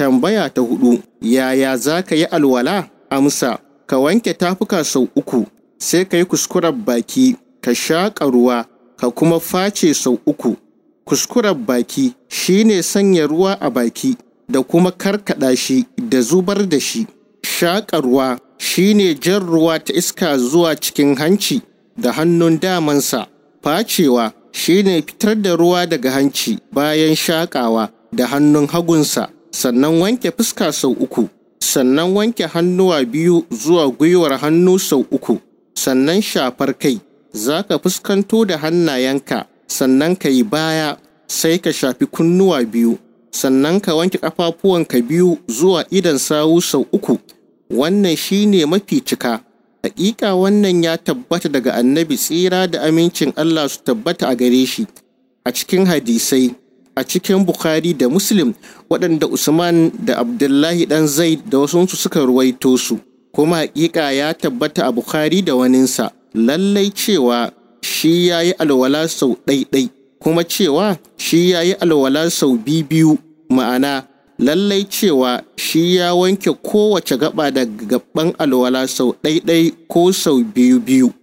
Tambaya ta hudu, yaya za ka yi alwala? Amsa, ka wanke tafuka sau uku, sai ka yi kuskurar baki, ka shaƙa ruwa, ka kuma face sau uku. kuskurar baki shine sanya ruwa a baki da kuma karkaɗa shi da zubar da shi. Shaƙa ruwa shi ne jan ruwa ta iska zuwa cikin hanci da hannun damansa. Facewa shi ne fitar da ruwa daga hanci bayan shaƙawa da hannun hagunsa. sannan wanke fuska sau uku, sannan wanke hannuwa biyu zuwa gwiwar hannu sau uku, sannan shafar kai, za ka fuskanto da hannayenka, sannan ka yi baya, sai ka shafi kunnuwa biyu, sannan ka wanke ƙafafuwanka biyu zuwa idan sawu sau uku. Wannan shi ne mafi cika. Haƙiƙa wannan ya tabbata daga annabi tsira da amincin Allah su tabbata a gare shi. A cikin hadisai, a cikin Bukhari da Muslim waɗanda Usman da Abdullahi ɗan Zaid da wasunsu suka ruwaito su, kuma haƙiƙa ya tabbata a Bukhari da waninsa, lallai cewa shi ya yi alwala sau ɗaiɗai, kuma cewa shi ya yi alwala sau biyu ma'ana lallai cewa shi ya wanke kowace gaba da gaban alwala sau ɗaiɗai ko sau biyu biyu.